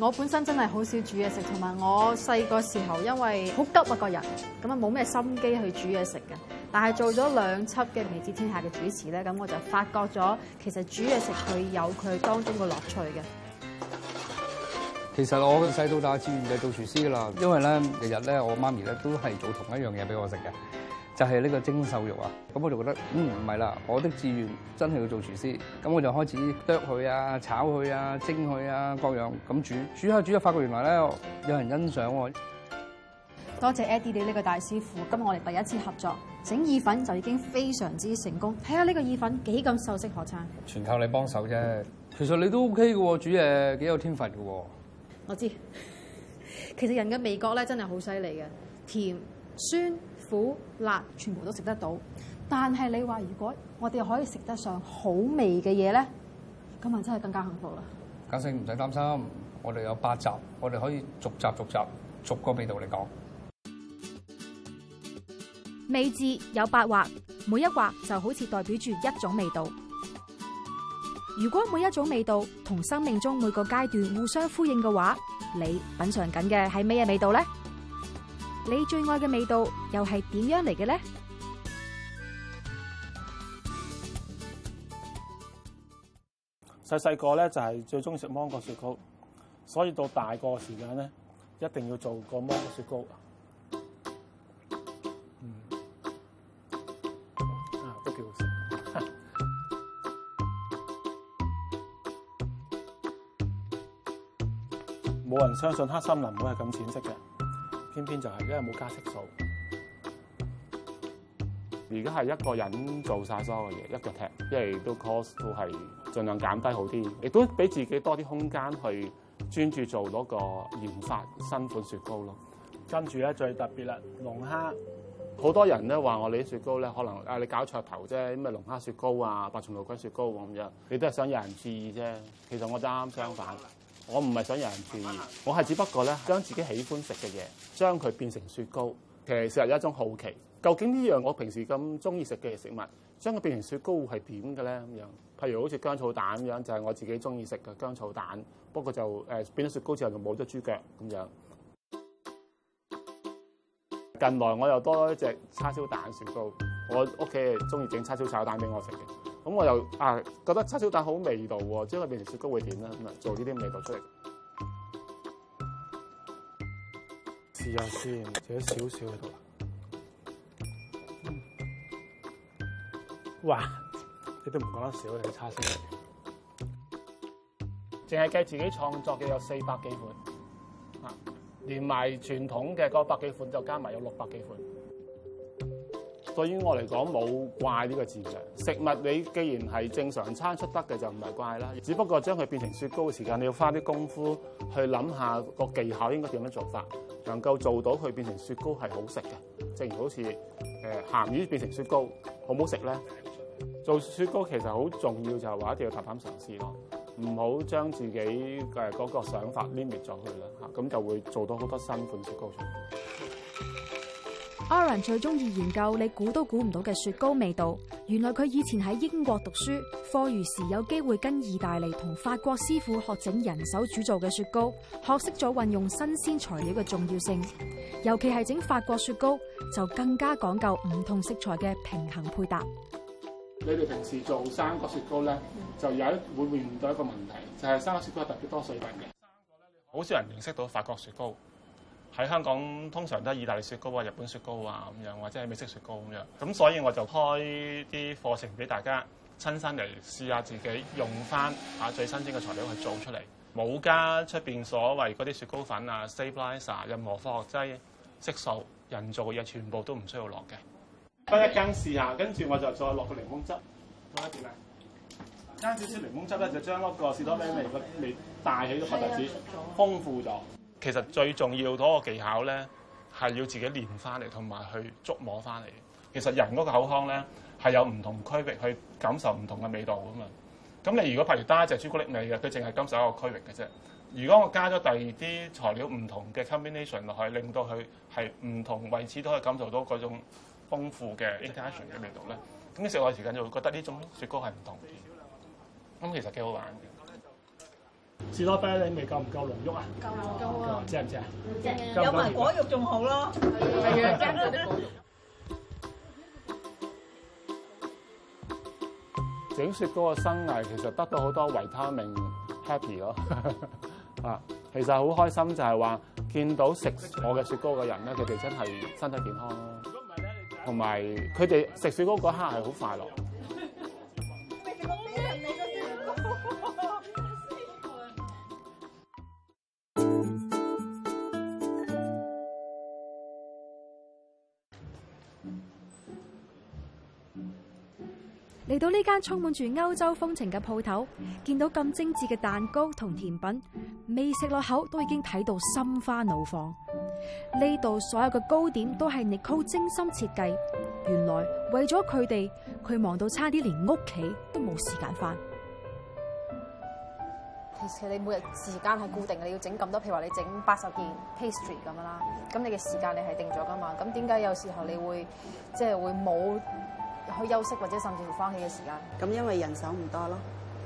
我本身真係好少煮嘢食，同埋我細個時候因為好急啊個人，咁啊冇咩心機去煮嘢食嘅。但係做咗兩輯嘅《未知天下》嘅主持咧，咁我就發覺咗其實煮嘢食佢有佢當中嘅樂趣嘅。其實我細到大志願就係做廚師噶啦，因為咧日日咧我媽咪咧都係做同一樣嘢俾我食嘅。就係呢個蒸瘦肉啊！咁我就覺得嗯，唔係啦，我的志願真係要做廚師。咁我就開始剁佢啊、炒佢啊、蒸佢啊，各樣咁煮煮下煮下，發覺原來咧有人欣賞我。多謝 Eddie 你呢個大師傅，今日我哋第一次合作整意粉就已經非常之成功。睇下呢個意粉幾咁秀色可餐，全靠你幫手啫。其實你都 OK 嘅喎，煮嘢幾有天分嘅喎。我知，其實人嘅味覺咧真係好犀利嘅，甜酸、苦辣全部都食得到，但係你話如果我哋可以食得上好味嘅嘢咧，咁啊真係更加幸福啦！嘉勝唔使擔心，我哋有八集，我哋可以逐集逐集逐個味道嚟講。味字有八畫，每一畫就好似代表住一種味道。如果每一種味道同生命中每個階段互相呼應嘅話，你品嘗緊嘅係咩味道咧？你最愛嘅味道又係點樣嚟嘅咧？細細個咧就係最中意食芒果雪糕，所以到大個時間咧，一定要做個芒果雪糕。嗯，啊，都幾好食。冇人相信黑森林會係咁淺色嘅。偏偏就係、是、因為冇加色素，而家係一個人做曬所有嘅嘢，一腳踢，因為都 cost 都係盡量減低好啲，亦都俾自己多啲空間去專注做嗰個研發新款雪糕咯。跟住咧最特別啦，龍蝦，好多人咧話我哋啲雪糕咧可能啊你搞噱頭啫，咩龍蝦雪糕啊、白松露菌雪糕啊咁樣，你都係想有人注意啫。其實我就啱相反。我唔係想有人注意，我係只不過咧將自己喜歡食嘅嘢，將佢變成雪糕，其實係有一種好奇。究竟呢樣我平時咁中意食嘅食物，將佢變成雪糕係點嘅咧？咁樣，譬如好似薑醋蛋咁樣，就係我自己中意食嘅薑醋蛋。不過就誒變咗雪糕之後就冇咗豬腳咁樣。近來我又多咗一隻叉燒蛋雪糕，我屋企中意整叉燒炒蛋俾我食嘅。咁、嗯、我又啊覺得叉燒蛋好味道喎，即係變成雪糕會點咧？咁、嗯、啊做呢啲味道出嚟。試下先，整少少喺度。哇！你都唔覺得少你叉燒，淨係計自己創作嘅有四百幾款，啊、連埋傳統嘅嗰百幾款就加埋有六百幾款。對於我嚟講冇怪呢個字。象，食物你既然係正常餐出得嘅就唔係怪啦，只不過將佢變成雪糕嘅時間，你要花啲功夫去諗下個技巧應該點樣做法，能夠做到佢變成雪糕係好食嘅。正如好似誒鹹魚變成雪糕，好唔好食咧？做雪糕其實好重要就係話一定要踏膽嘗試咯，唔好將自己嘅嗰個想法 limit 咗佢啦嚇，咁就會做到好多新款雪糕出嚟。Arron 最中意研究你估都估唔到嘅雪糕味道。原來佢以前喺英國讀書，課餘時有機會跟意大利同法國師傅學整人手煮做嘅雪糕，學識咗運用新鮮材料嘅重要性。尤其係整法國雪糕就更加講究唔同食材嘅平衡配搭。你哋平時做生果雪糕咧，就有一會遇到一個問題，就係生果雪糕特別多水分嘅，好少人認識到法國雪糕。喺香港通常都係意大利雪糕啊、日本雪糕啊咁樣，或者係美式雪糕咁樣。咁所以我就開啲課程俾大家，親身嚟試下自己用翻啊最新鮮嘅材料去做出嚟，冇加出面所謂嗰啲雪糕粉啊、stabiliser、任何化學劑、色素、人造嘅嘢，全部都唔需要落嘅。得一羹試一下，跟住我就再落個檸檬汁。做得點啊？加少少檸檬汁咧，就將粒個士多啤梨個的味，味帶起咗，發達啲，豐富咗。其實最重要嗰個技巧咧，係要自己練翻嚟，同埋去觸摸翻嚟。其實人嗰個口腔咧，係有唔同區域去感受唔同嘅味道噶嘛。咁你如果譬如單一隻朱古力味嘅，佢淨係感受一個區域嘅啫。如果我加咗第二啲材料唔同嘅 combination 落去，令到佢係唔同位置都可以感受到嗰種豐富嘅 interaction 嘅味道咧，咁你食耐時間就會覺得呢種雪糕係唔同嘅。咁其實幾好玩嘅。士多啤梨味夠唔夠濃郁啊？夠夠啊！正唔正？啊？正，有埋果肉仲好咯。係嘅。整雪糕嘅生涯其實得到好多維他命 Happy 咯啊！其實好開心就係話見到食我嘅雪糕嘅人咧，佢哋真係身體健康咯。如果唔係咧，同埋佢哋食雪糕嗰刻係好快樂。到呢間充滿住歐洲風情嘅鋪頭，見到咁精致嘅蛋糕同甜品，未食落口都已經睇到心花怒放。呢度所有嘅糕點都係 Nicole 精心設計，原來為咗佢哋，佢忙到差啲連屋企都冇時間返。其實你每日時間係固定嘅，你要整咁多，譬如話你整八十件 pastry 咁樣啦，咁你嘅時間你係定咗噶嘛？咁點解有時候你會即係、就是、會冇？去休息或者甚至乎放棄嘅時間，咁因為人手唔多咯，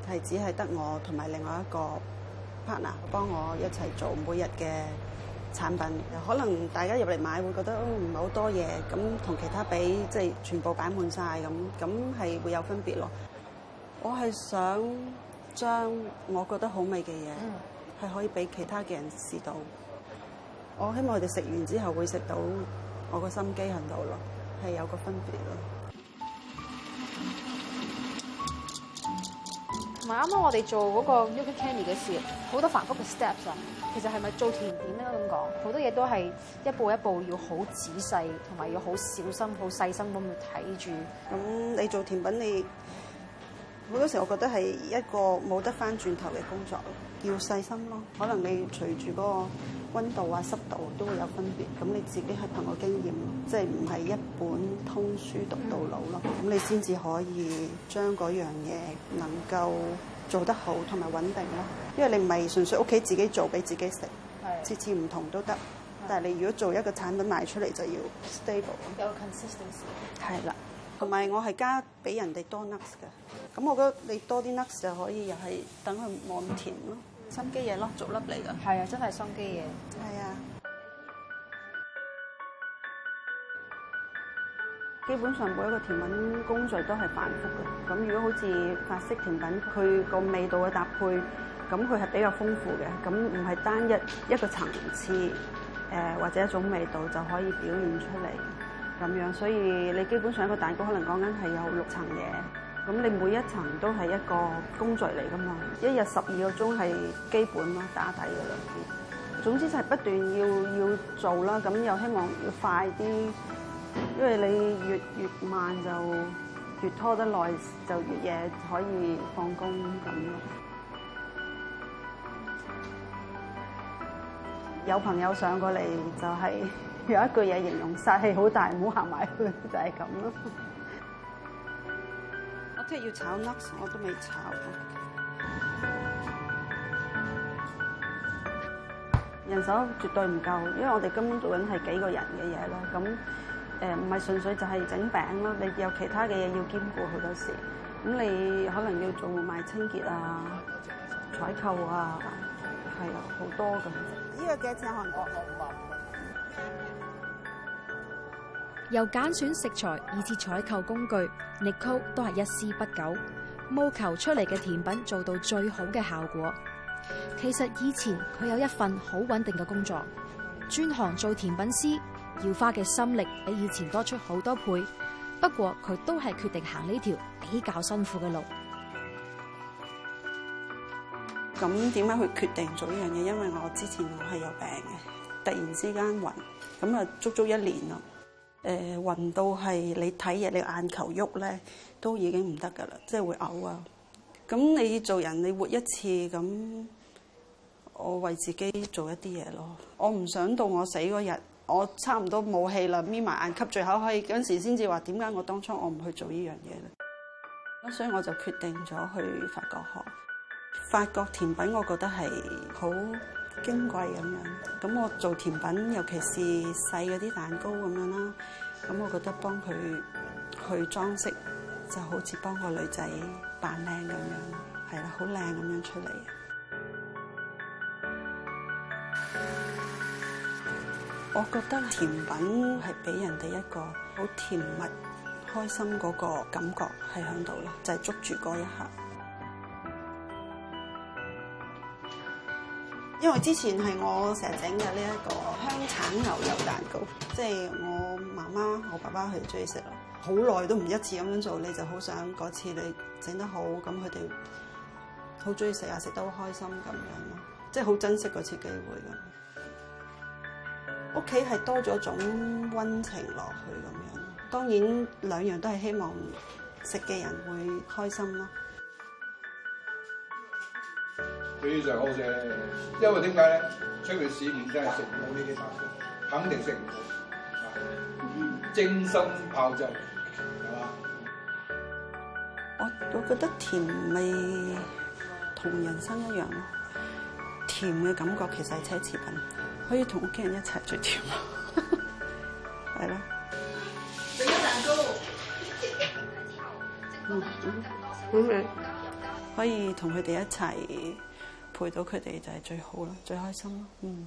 係只係得我同埋另外一個 partner 幫我一齊做每日嘅產品。可能大家入嚟買會覺得唔係好多嘢，咁同其他比即係、就是、全部擺滿晒，咁，咁係會有分別咯。我係想將我覺得好味嘅嘢，係、嗯、可以俾其他嘅人試到。我希望佢哋食完之後會食到我個心機喺度咯，係有個分別咯。同埋啱啱我哋做嗰個 Yuki Candy 嘅時候，好多繁複嘅 steps 啊。其實係咪做甜點咧咁講，好多嘢都係一步一步要好仔細，同埋要好小心、好細心咁去睇住。咁你做甜品，你好多時候我覺得係一個冇得翻轉頭嘅工作，要細心咯。可能你隨住嗰個溫度啊、濕度都會有分別。咁你自己係憑個經驗。即係唔係一本通書讀到老咯，咁、嗯、你先至可以將嗰樣嘢能夠做得好同埋穩定咯。因為你唔係純粹屋企自己做俾自己食，的次次唔同都得。的但係你如果做一個產品賣出嚟就要 stable。有 consistency。係啦，同埋我係加俾人哋多 nuts 嘅，咁我覺得你多啲 nuts 就可以又係等佢冇咁甜咯，心機嘢咯，逐粒嚟㗎。係啊，真係心機嘢。係啊。基本上每一個甜品工序都係繁複嘅，咁如果好似法式甜品，佢個味道嘅搭配，咁佢係比較豐富嘅，咁唔係單一一個層次，誒、呃、或者一種味道就可以表現出嚟咁樣，所以你基本上一個蛋糕可能講緊係有六層嘢，咁你每一層都係一個工序嚟噶嘛，一日十二個鐘係基本咯，打底嘅啦，總之就係不斷要要做啦，咁又希望要快啲。因為你越越慢就越拖得耐，就越夜可以放工咁咯。有朋友上過嚟就係有一句嘢形容，殺氣好大，唔好行埋去就係咁咯。我即係要炒鈪，我都未炒。人手絕對唔夠，因為我哋根本做緊係幾個人嘅嘢咯，咁。誒唔係純粹就係整餅咯，你有其他嘅嘢要兼顧好多時，咁你可能要做埋清潔啊、採購啊，係啊，好多噉。呢個幾多錢？韓國學五萬由揀選食材，以至採購工具 Nicole 都係一絲不苟，務求出嚟嘅甜品做到最好嘅效果。其實以前佢有一份好穩定嘅工作，轉行做甜品師，要花嘅心力比以前多出好多倍，不過佢都係決定行呢條比較辛苦嘅路。咁點解去決定做呢樣嘢？因為我之前我係有病嘅，突然之間暈，咁啊足足一年咯。誒、呃，暈到係你睇嘢，你眼球喐咧都已經唔得噶啦，即係會嘔啊。咁你做人你活一次，咁我為自己做一啲嘢咯。我唔想到我死嗰日。我差唔多冇氣啦，眯埋眼吸住口，最可以嗰時先至話點解我當初我唔去做呢樣嘢咧。咁所以我就決定咗去法國學法國甜品，我覺得係好矜貴咁樣。咁我做甜品，尤其是細嗰啲蛋糕咁樣啦，咁我覺得幫佢去裝飾就好似幫個女仔扮靚咁樣，係啦，好靚咁樣出嚟。我覺得甜品係俾人哋一個好甜蜜、開心嗰個感覺係響度咯，就係捉住嗰一刻。因為之前係我成日整嘅呢一個香橙牛油蛋糕，即係我媽媽、我爸爸佢哋中意食咯，好耐都唔一次咁樣做，你就好想嗰次你整得好，咁佢哋好中意食啊，食得好開心咁樣咯，即係好珍惜嗰次機會咁。屋企係多咗種溫情落去咁樣，當然兩樣都係希望食嘅人會開心咯、啊。非常好食，因為點解咧？出面市面真係食唔到呢啲色，肯定食唔到。精心炮製，係、嗯、嘛？我我覺得甜味同人生一樣咯，甜嘅感覺其實係奢侈品。可以同屋企人一齊最甜，係啦。整個蛋糕。嗯，嗯，可以同佢哋一齊陪到佢哋就係最好啦，嗯、最開心啦。嗯。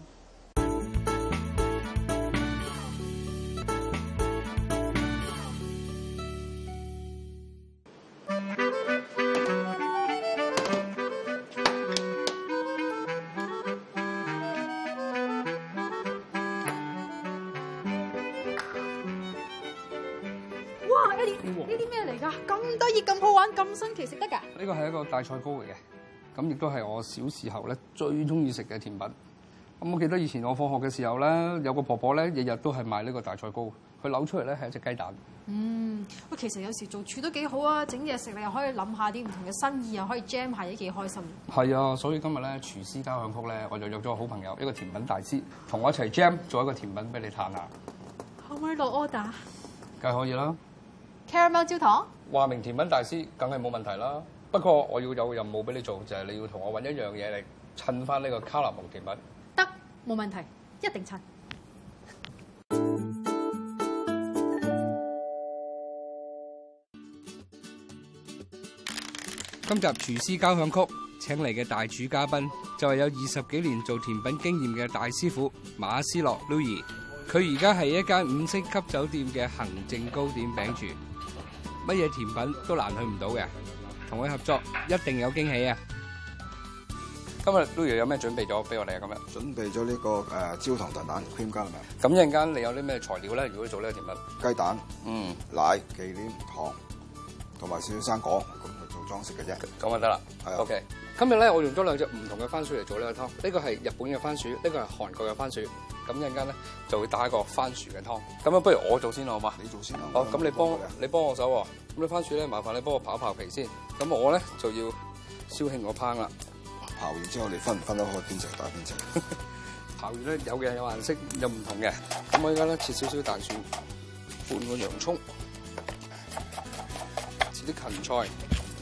咁新奇食得噶？呢個係一個大菜糕嚟嘅，咁亦都係我小時候咧最中意食嘅甜品。咁我記得以前我放學嘅時候咧，有個婆婆咧日日都係賣呢個大菜糕，佢扭出嚟咧係一隻雞蛋。嗯，喂，其實有時做廚都幾好啊，整嘢食你又可以諗下啲唔同嘅新意，又可以 jam 下都幾開心。係啊，所以今日咧廚師交響曲咧，我就約咗個好朋友，一個甜品大師，同我一齊 jam 做一個甜品俾你嘆下。可唔可以落 order？梗係可以啦。Caramel 焦糖。話明甜品大師，梗係冇問題啦。不過我要有個任務俾你做，就係、是、你要同我搵一樣嘢嚟襯返呢個卡納蒙甜品。得，冇問題，一定襯。 今集廚師交響曲請嚟嘅大廚嘉賓，就係、是、有二十幾年做甜品經驗嘅大師傅馬斯洛 Lui。佢而家係一間五星級酒店嘅行政糕點餅廚。乜嘢甜品都難佢唔到嘅，同佢合作一定有驚喜啊！今日都要有咩準備咗俾我哋啊？今日準備咗呢、這個誒、呃、焦糖燉蛋，蛋，添加，係咪？咁一陣間你有啲咩材料咧？如果做呢個甜品？雞蛋，嗯，奶、忌廉、糖，同埋少少生果，咁去做裝飾嘅啫。咁咪得啦，係啊，OK。今日咧，我用咗兩隻唔同嘅番薯嚟做呢個湯。呢、這個係日本嘅番薯，呢、這個係韓國嘅番薯。咁一陣間咧就會打一個番薯嘅湯。咁啊，不如我先做先啦，好嘛？你做先啦。好，咁、oh, 你幫你幫我手。咁呢番薯咧，麻煩你幫我刨刨皮先。咁我咧就要燒興個烹啦。刨完之後，你分唔分得開邊隻打邊隻？ 刨完咧，有嘅有顏色，有唔同嘅。咁我依家咧切少少大蒜，半個洋葱，切啲芹菜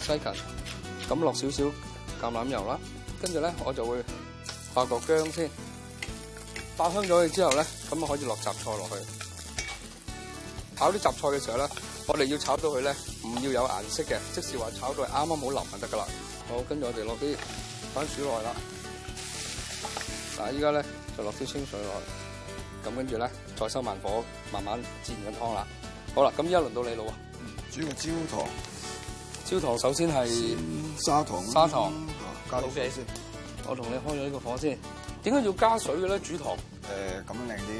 西芹，咁落少少。橄欖油啦，跟住咧我就會爆個薑先，爆香咗之後咧，咁啊可以落雜菜落去炒啲雜菜嘅時候咧，我哋要炒到佢咧，唔要有顏色嘅，即是話炒到係啱啱好淋就得噶啦。好，跟住我哋落啲番薯落去啦，嗱依家，咧就落啲清水落去，咁跟住咧再收慢火慢慢煎緊湯啦。好啦，咁依家輪到你啦喎，煮個焦糖。焦糖首先係砂糖，砂糖加啲水先。我同你開咗呢個火先。點解要加水嘅咧？煮糖誒，咁樣靚啲。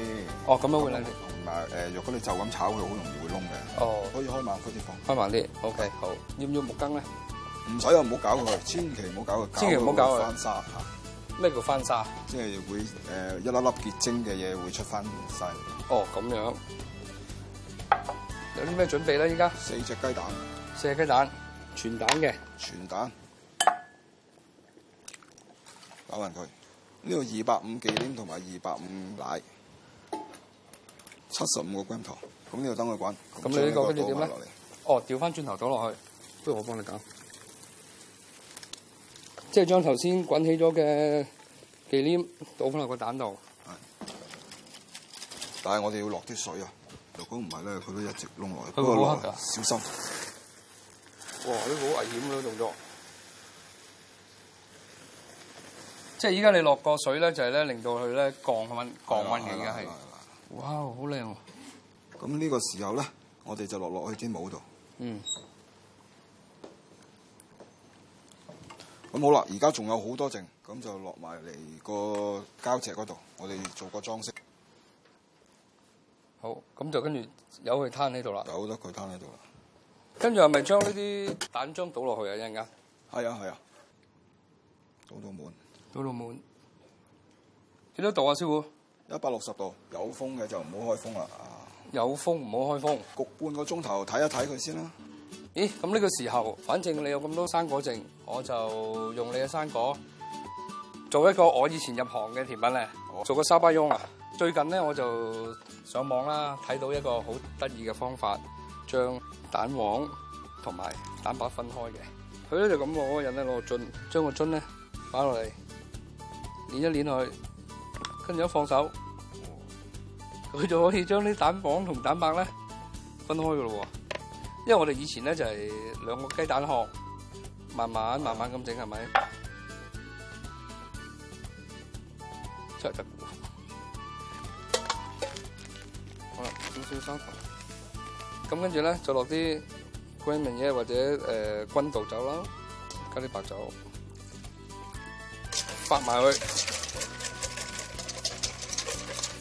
哦，咁樣會靚啲。同埋誒，若果你就咁炒，佢好容易會㶶嘅。哦。可以開慢啲啲火。開慢啲。O K，好。要唔要木羹咧？唔使啊，唔好搞佢，千祈唔好搞佢。千祈唔好搞佢。翻砂吓？咩叫翻砂？即係會誒一粒粒結晶嘅嘢會出翻晒嚟。哦，咁樣。有啲咩準備咧？依家四隻雞蛋，四隻雞蛋。全蛋嘅，全蛋打匀佢。呢度二百五忌廉同埋二百五奶，七十五個克糖。咁呢度等佢滾。咁你呢個跟住點咧？哦，調翻轉頭倒落去。不如我幫你搞。即係將頭先滾起咗嘅忌廉倒翻落個蛋度。但係我哋要落啲水啊！如果唔係咧，佢都一直弄落去。不過小心。哇！啲好危險嘅動作，即係依家你落個水咧，就係咧令到佢咧降溫、的降溫嘅，係哇，好靚喎，啊！咁呢個時候咧，我哋就落落去蒸模度。嗯。咁好啦，而家仲有好多剩，咁就落埋嚟個膠尺嗰度，我哋做個裝飾。好，咁就跟住由佢攤喺度啦，由得佢攤喺度啦。跟住係咪將呢啲蛋漿倒落去啊？一陣間，係啊係啊，倒到滿，倒到滿。幾多度啊，師傅？一百六十度，有風嘅就唔好開風啦。啊、有風唔好開風。焗半個鐘頭，睇一睇佢先啦、啊。咦？咁呢個時候，反正你有咁多生果剩，我就用你嘅生果做一個我以前入行嘅甜品咧。好做個沙巴翁。啊！最近咧我就上網啦，睇到一個好得意嘅方法。將蛋黃同埋蛋白分開嘅，佢咧就咁喎，人咧攞個樽，將個樽咧擺落嚟，捻一捻佢，跟住一放手，佢就可以將啲蛋黃同蛋白咧分開噶咯。因為我哋以前咧就係、是、兩個雞蛋殼，慢慢慢慢咁整係咪？拆好啊，新鮮生蠔。咁跟住咧，就落啲乾明嘢或者誒君度酒啦，加啲白酒，發埋佢，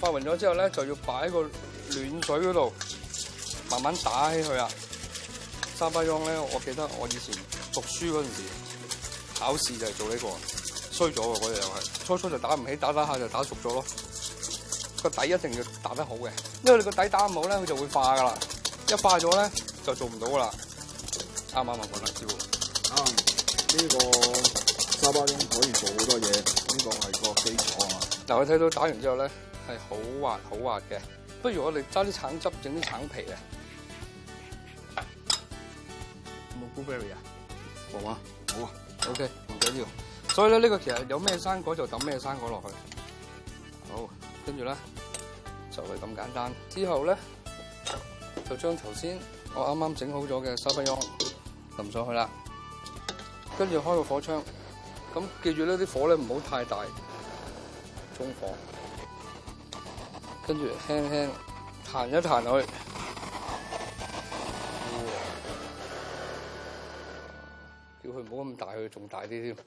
發完咗之後咧，就要擺喺個暖水嗰度，慢慢打起佢啊！沙巴翁咧，我記得我以前讀書嗰陣時，考試就係做呢個，衰咗喎！我又係，初初就打唔起，打打下就打熟咗咯。個底一定要打得好嘅，因為你個底打唔好咧，佢就會化㗎喇。一化咗咧，就做唔到噶啦。啱啱咪講得，啱呢、嗯這個沙巴香可以做好多嘢，呢、這個係個基礎啊。但我睇到打完之後咧，係好滑好滑嘅。不如我哋揸啲橙汁整啲橙皮好好啊。冇 blueberry 啊？冇啊、嗯，冇啊。O K，唔緊要。所以咧，呢個其實有咩生果就抌咩生果落去。好，跟住咧就係咁簡單。之後咧。就將頭先我啱啱整好咗嘅沙巴翁淋上去啦，跟住開個火槍，咁記住呢啲火咧唔好太大，中火，跟住輕輕彈一彈落去，哦、叫佢唔好咁大，佢仲大啲添。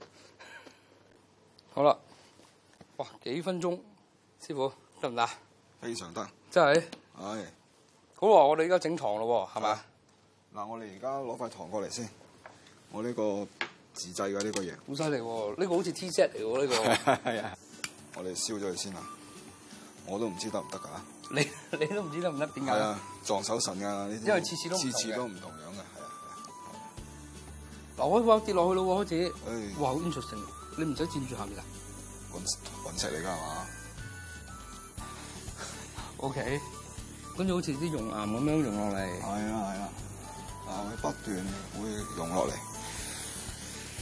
好啦，哇幾分鐘，師傅得唔得？非常得，真係。係。好喎，我哋而家整糖咯，係嘛？嗱，我哋而家攞塊糖過嚟先，我呢、這個自製嘅呢、這個嘢，好犀利喎！呢、這個好似 T-shirt 嚟喎，呢、這個。係啊。 我哋燒咗佢先啦，我都唔知得唔得啊？你你都唔知得唔得？點解？係啊，撞手神噶呢啲。因為次次都次次都唔同樣嘅，係啊。嗱，我我跌落去啦，開始、哎。唉。哇，好 interesting，你唔使濺住下面啊。滾滾石嚟噶係嘛？OK。跟住好似啲熔岩咁樣溶落嚟，係啊係啊，啊會不斷會溶落嚟。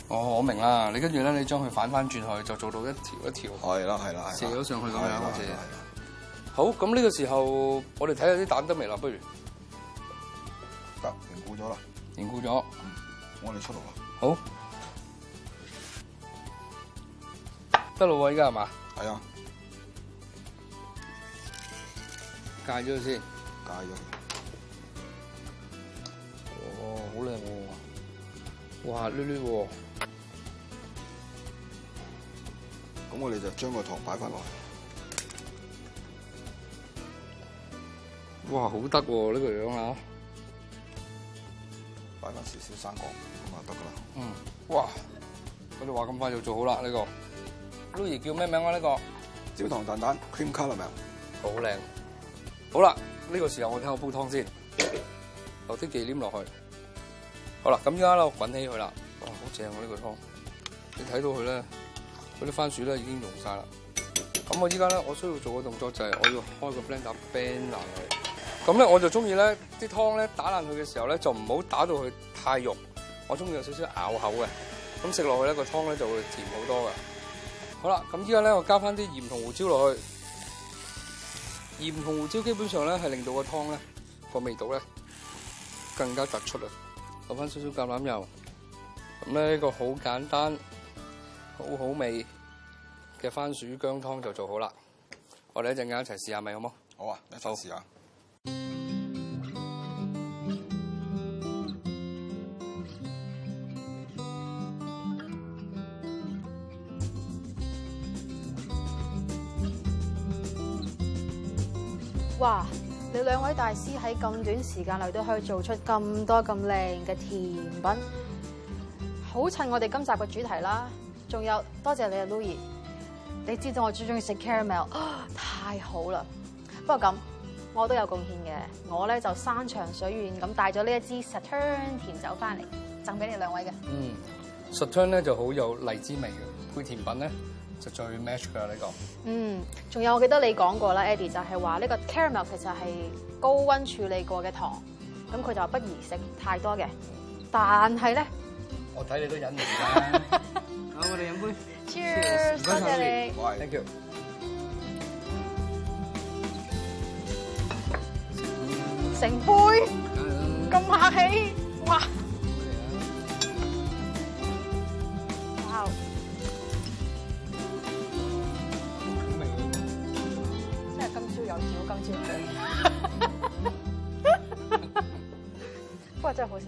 哦，我明啦，你跟住咧，你將佢反翻轉去，就做到一條一條，係啦係啦，射咗上去咁樣好似。好，咁呢個時候，我哋睇下啲蛋得未啦，不如得凝固咗啦，凝固咗、嗯，我哋出爐。好，得喇喎，而家係嘛？係啊。解咗先，解咗。哦，好靚喎！哇，呢呢喎。咁我哋就將個糖擺返落去。哇，好得喎呢個樣啊！擺翻少少生果，咁就得噶啦。嗯，哇！我哋話咁快就做好啦呢、呢個。Lily 叫咩名啊呢個？焦糖蛋蛋，Cream Color 係咪好靚？好啦，呢個時候我睇我煲湯先，留啲忌廉落去，好啦，咁依家咧我滾起佢啦，哇，好正啊呢個湯，你睇到佢咧，嗰啲番薯咧已經溶晒啦，咁我依家咧我需要做嘅動作就係我要開個 blend up band 落去，咁咧我就中意咧啲湯咧打爛佢嘅時候咧就唔好打到佢太肉。我中意有少少咬口嘅，咁食落去咧個湯咧就會甜好多噶，好啦，咁依家咧我加翻啲鹽同胡椒落去。鹽同胡椒基本上咧係令到個湯咧個味道咧更加突出啦！攞翻少少橄欖油，咁、這、咧個好簡單、好好味嘅番薯薑湯就做好啦！我哋一陣間一齊試下味好麼？好啊，你試一齊試下。哇！你兩位大師喺咁短時間內都可以做出咁多咁靚嘅甜品，好襯我哋今集嘅主題啦！仲有多謝你啊，Louis！你知道我最中意食 caramel 啊，太好啦！不過咁，我都有貢獻嘅，我咧就山長水遠咁帶咗呢一支 Sauterne 甜酒翻嚟，贈俾你兩位嘅。嗯，Sauterne 咧就好有荔枝味嘅，配甜品咧，就最 match 㗎啦呢個。嗯，仲有我記得你講過啦，Eddie 就係話呢個 caramel 其實係高溫處理過嘅糖，咁佢就不宜食太多嘅。但係咧 ，我睇你都忍唔住啦。好，我哋飲杯。Cheers！唔該曬你。Thank you！成杯，咁 客氣哇！哇，真係好食。